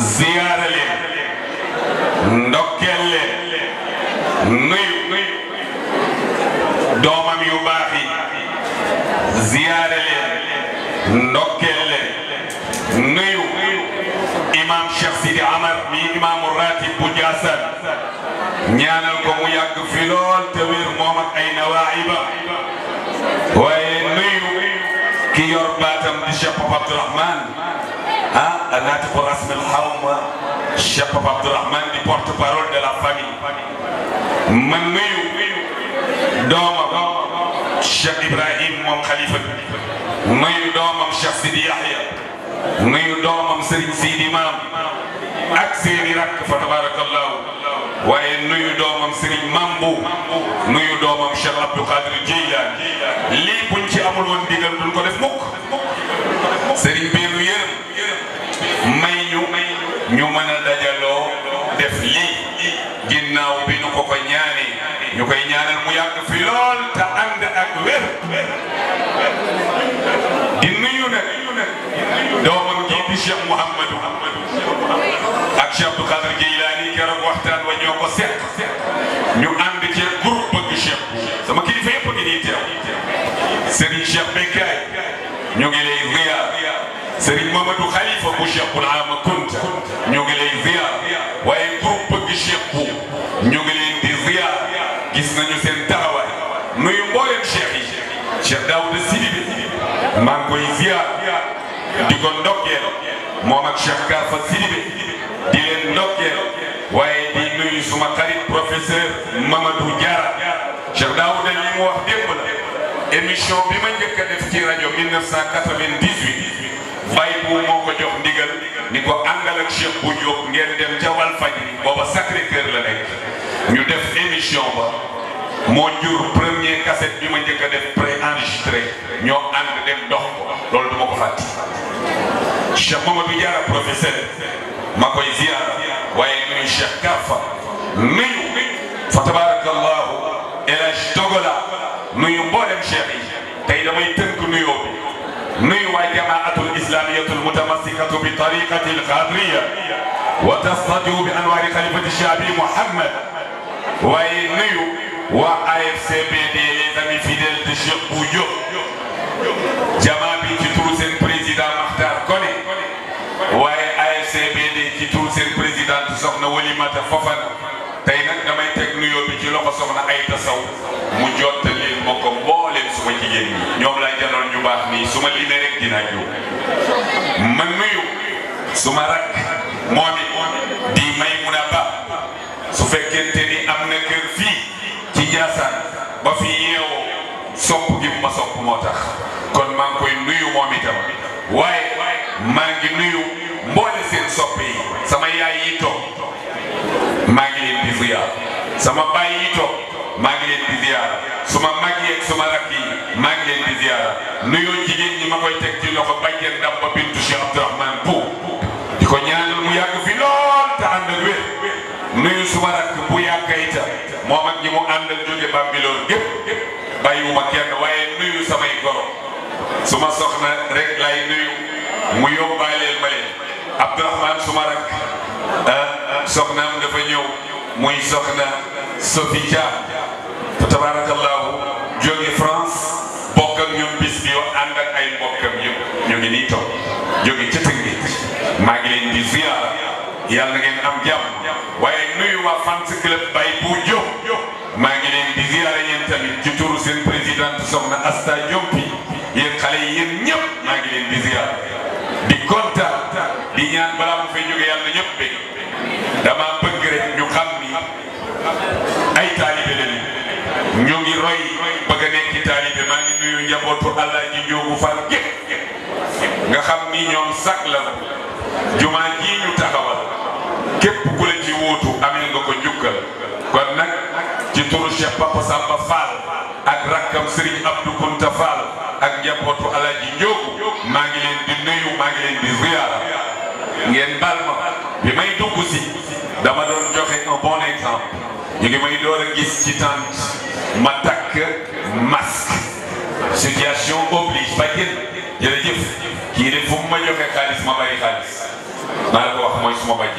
ziyaara leen ndokkeel leen nuyu doomam yu baax yi ziyaara leen ndokkeel leen nuyu imam Cheikh Sidi Amar mi imaamu ratib bu Ndiassane ñaanal ko mu yàgg fi lool te wér moom ak ay nawaayiba waaye nuyu ki yor baatam di Cheikh Papa Abdourahmane naati ko rasmel xawma Cheikh Papa Abdourahmane di porte parole de la famille ma nuyu doomam Cheikh Ibrahim moom xalifa bi nuyu doomam Cheikh Sidi Yahya nuyu doomam Serigne Sidi Maam ak seeni rakk fa tabarakallahu waaye nuyu doomam Serigne Mambu nuyu doomam Cheikh Abdou Khadir Jeylaan lii buñ ci amul woon digal duñ ko def mukk ñaanal mu yàgg fi lool te ànd ak wér di nuyu nag doomam ji di Cheikh Mouhamadou ak Cheikh Abdou Khadir Jeylaani keroog waxtaan wa ñoo ko seq ñu ànd ci groupe bëgg Cheikh sama kilifa yëpp ngi nii teew Serigne Cheikh Bekkaay ñu ngi lay ziar Serigne Mamadou Khalifa bu Cheikh Bounama Kounta ñu ngi lay Cheikh Daouda Sidibé maa ngi koy ziar di ko ndokkeel moom ak Cheikh Gafa Sidibé di leen ndokkeel waaye di nuyu suma xarit professeur Mamadou Diarra Cheikh Daouda li mu wax démb la bi ma njëkk a def ci rajo 1998 bay bu moo ko jox ndigal ni ko àndal ak Cheikh ngeen dem ca Walfadjri booba Sacré la nekk ñu def émission ba. moo jur premier cassette bi ma njëkk a def pré enregistré ñoo ànd dem dox ko loolu du ma ko fàtte Cheikh Mamadou Diarra professeur ma koy ziar waaye nuyu Cheikh Kafa nuyu fa tabarakallahu El Hadj Togola nuyu mboolem cheikh yi tey damay tënk nuyoo bi nuyu waa jamaatul islamiyatul mutamassikatu bi tariqati alqadriya wa tastadiu bi anwaari xalifati shaabi Muhammad waaye nuyu waa AFCBD les amis fidèles de Cheikh Bou Diop jamaa bi ci turu seen président Makhtar Koné waaye AFCBD ci turu seen présidente soxna Walimata Fofana tey nag damay teg nuyoo ci loxo soxna Aïta Sow mu jottali ma ko mbooleem suma jigéen ñi ñoom laa janoon ñu baax nii suma limee rek dinaa ñëw ma nuyu suma rak moom it di may mun a baax su ni am ba fi yeewoo sopp gi mu ma sopp moo tax kon maa koy nuyu moom itam waaye maa ngi nuyu mboole seen sopp sama yaay yi toog maa ngi leen di ziyaar sama baay yi maa ngi leen di ziyaar suma mag yi maa ngi leen di ziyaar nuyoo jigéen ñi ma koy teg ci loxo bàjjen Damba bintu Cheikh Abdourahmane Pou di ko ñaanal mu yàgg fi lool te ànd ak wér nuyu suma rakk bu yàgg itam moom ak ñi mu àndal ma kenn waaye nuyu samay goro suma soxna rek lay nuyu mu yóbbaaleel ma leen Abdourahmane suma rak ah, ah, soxnaam dafa ñëw muy soxna Sophie Dia fa tabarakallahu jóge France bokk ak ñoom bis bi ay mbokkam yëpp ñu ngi nii toog jóge ca maa ngi leen di ziyaara yàlla na ngeen am jàmm waaye nuyu waa fans club Baye bu Diop asta jompi yéen xale yi yéen ñëpp maa ngi leen di ziar di kontaan di ñaan balaa mu fay jóge yàlla ñëpp dama bëgg rek ñu xam ni ay taalibe lañu ñu ngi roy bëgg a nekk ci maa ngi nuyu njabootu allah ji ñoogu fal gépp nga xam ni ñoom sag la jumaa ñu taxawal képp ku la ci wóotu nga ko njukkal kon nag ci turu Cheikh Papa Samba Fall ak rakkam Serigne Abdou Kounta Fall ak njabootu Alaaji Njoogu maa ngi leen di nuyu maa ngi leen di ziyaara ngeen bal ma bi may dugg si dama doon joxe un bon exemple ñu ngi may door a gis ci tànt ma takk masque situation oblige ba jël jërëjëf kii de fu mu ma joxe xaalis ma bari xaalis maa la ko wax mooy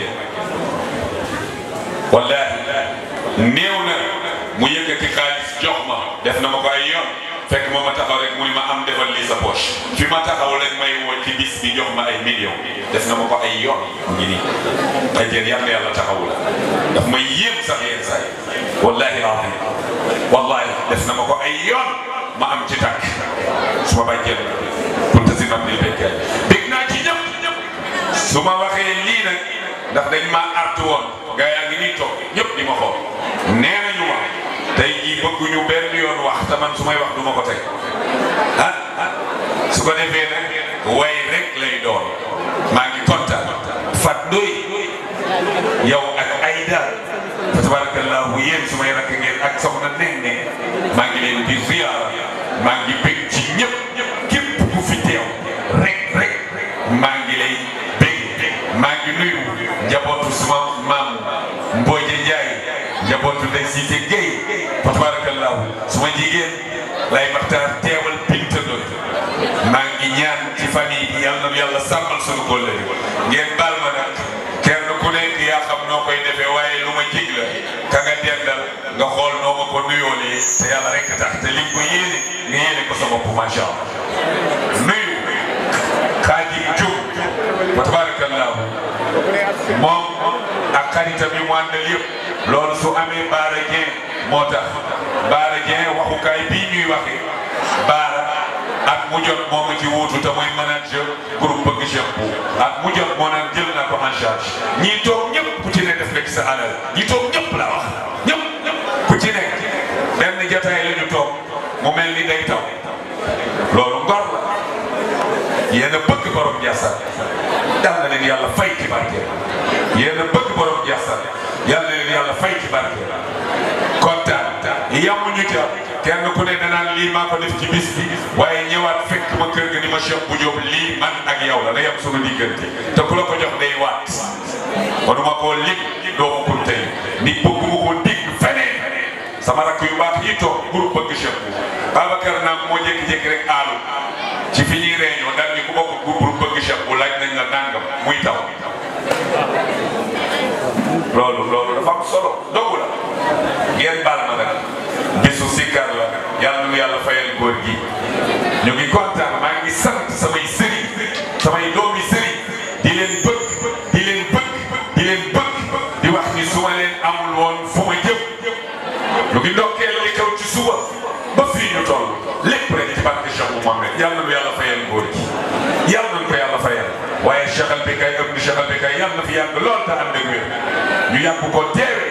na def na ma ko ay yoon fekk ma ma taxaw rek mu ni ma am defal lii sa poche fi ma taxaw rek may woo ci bis bi jox ma ay million def na ma ko ay yoon mu ngi nii tey jën yàlla yàlla taxawu la daf may yéem sax yenn saa yi wallahi alazim wallahi def na ma ko ay yoon ma am ci tànk su ma bàjjee la pour te si nam ni béykat dégg naa ci ñëpp su ma waxee lii nag ndax dañ ma artu woon gaa yaa ngi nii toog ñëpp di ma xool nee nañu ma tey jii bëgguñu benn yoon wax man su may wax du ma ko teg ah, ah su ko defee nag way rek lay doon maa ngi kontaan fat doy yow ak Aïda fa tabarakallahu yéen su may rakk ak soxna nen ne maa ngi leen di ziyaar maa ngi bég ci ñëpp képp ku fi teew rek rek maa ngi lay bég maa ngi nuyu njabootu suma maam Mbooje Njaay njabootu day si te Géy fa tabaarakallaahu suma jigéen lay maxtaar teewal pintandoo maa ngi ñaan ci famille bi yàlla na yàlla sàmmal sunu gólle ngeen baal ma nag kenn ku nekk yaa xam noo koy defee waaye lu ma jig la ka nga dendal nga xool noo ma ko nuyoolee te yàlla rek tax te li ko yéene nga yéene ko sa bopp macha allah nuyu xaaji jub fa tabaarakallaahu moom ak xaritam yi mu àndal yëpp loolu su amee Baara Dieng moo tax Baara waxukaay bii ñuy waxe Baara ak mu jot moo ci wuutu te manager groupe bëgg jëmbu ak mu jot moo naan jël naa ko ñii toog ñëpp ku ci ne def alal ñii toog ñëpp la wax ñëpp ku ci ne benn jataay la toog mu mel ni day taw loolu ngor la yéen a bëgg borom Ndiassane na leen yàlla fay ci barke yéen a bëgg borom Ndiassane yàlla fay ci barke kontaan yamuñu ca kenn ku ne danaan lii maa ko def ci bis bi waaye ñëwaat fekk ma kër ga ni ma Cheikh bu Diop lii man ak yow la day am sunu diggante te ku la ko jox day waat manuma koo lim doomu ko tey nit bëgguma koo feneen sama rakk yu baax yi toog groupe bëgg Cheikh Babacar naam moo jékki-jékki rek aalu ci fi ñuy réunion daal ni ku bokk groupe bëgg Cheikh bu laaj la nangam muy taw loolu solo dogu la ngeen baal ma nag bisu sikkar la yàlla nu yàlla fayal góor gi ñu ngi kontaan maa ngi sant sama Cheikh Anta Gaye yàlla na fi yàgg lool te ànd ak wér ñu ko teewe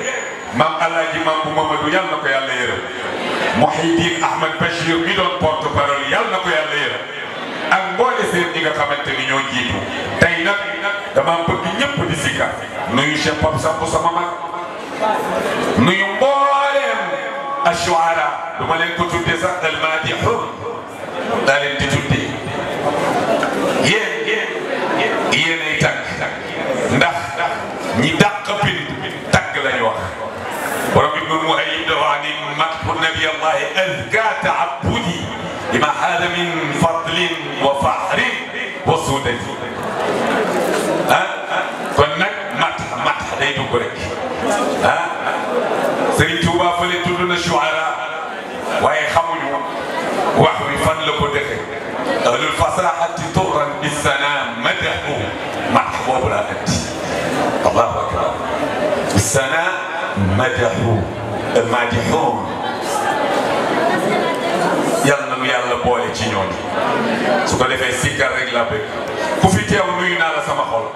maam alaaji maam bu Mamadou yàlla na ko yàlla yërëm Mouhidine Ahmed Bachir mi doon porte na ko yàlla yërëm ak mboole seen ñi nga xamante ni ñoo jiitu tey nag damaa bëgg ñëpp di sikka nuyu Cheikh Pape sa sama mag nuyu mbooleem ashuara du ma leen ko tuddee sax dal maa di xur daa leen di tuddee ولي الله أذكى تعبدي لما هذا من فضل وفحر وسودة ها فنك مدح مدح داي دوغرك ها سيري توبا فلي تدونا شعراء وهي خمون وحوي فن لكو دخي أهل الفصاحة طورا بالسلام مدح مدح وبلا أنت الله أكبر السنة مدح المادحون boole ci ñooñu su ko defee sikkar rek la ku fi teew nuyu naa la sama xol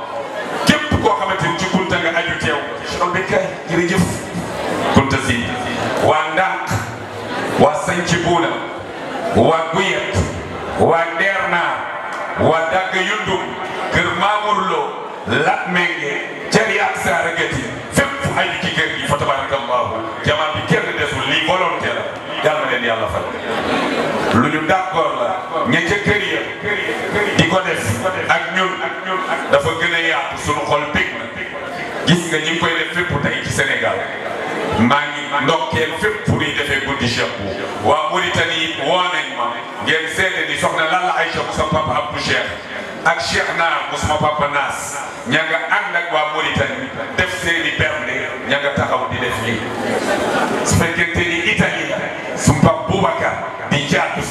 képp koo xamante ni ci kunta nga aju teew xol bi kay jërëjëf kunta si waa ndànk waa sanc buuna waa guyet waa deernaar waa dagg yundum kër maamurloo lat menge cari ak saara gati lu d'accord la ña ca kër di ko def ak ñun dafa gën a yaatu suñu xol bég na gis nga ñi ngi koy def fépp tey ci Sénégal maa ngi ndokkeel fépp fu ñuy defee guddi Cheikh bu waa Mauritanie woo nañ ma ngeen seede ni soxna lan la Aïcha sa papa Abdou Cheikh ak Cheikh Naar mu sama papa Naas ña nga ànd ak waa Mauritanie def seeni bernde ña nga taxaw di def lii su fekkente ni Italie su papa Boubacar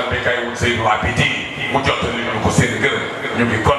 xam ne kay wut a waa bi di mu jot li ñu ko seen gërëm ñu ngi kon